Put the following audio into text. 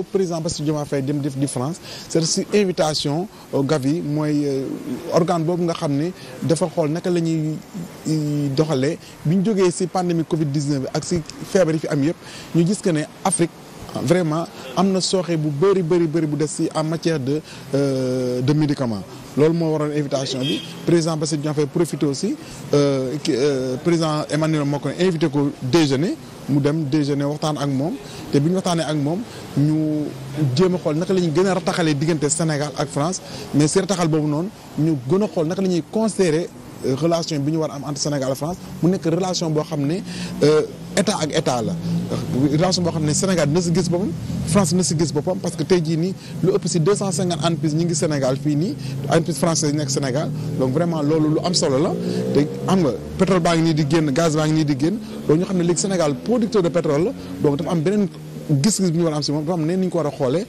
ko président Bassirou Diomaye Faye dem def différence c'est si invitation Gavi mooy euh, organ boobu nga xam ni dafa xool naka la ñuy doxalee bi ñu jógee si pandémie Covid 19 ak si feebar yi fi am yëpp ñu gis que ne Afrique. vraiment am na sooxe bu bëri bëri bëri bu des si en matière de euh, de médicaments loolu moo waroon invitation bi président Bassirou Diomaye Faye profité aussi euh, euh, président Emmanuel Macron invité ko déjeuner mu dem déjeuner waxtaan ak moom te bi ñu waxtaanee ak moom ñu jéem a xool naka la ñuy gën rataxalee diggante Sénégal ak France mais si rataxal boobu noonu ñu gën a xool naka la ñuy considérer euh, relation bi ñu war a am entre Sénégal ak France mu nekk relation boo xam ne euh, état ak état la relation boo xam ne Sénégal dina si gis boppam France dina si gis boppam parce que tey jii nii lu ëpp si deux cent cinquante entreprises ñi ngi Sénégal fii nii entreprises françaises yi nekk Sénégal donc vraiment loolu lu am solo la te am nga pétrole baa ngi nii di génn gaz baa ngi nii di génn loolu xam ne léegi Sénégal producteur de pétrole la donc dafa am beneen gis-gis war a am si moom dafa am neen ñu ko war a xoole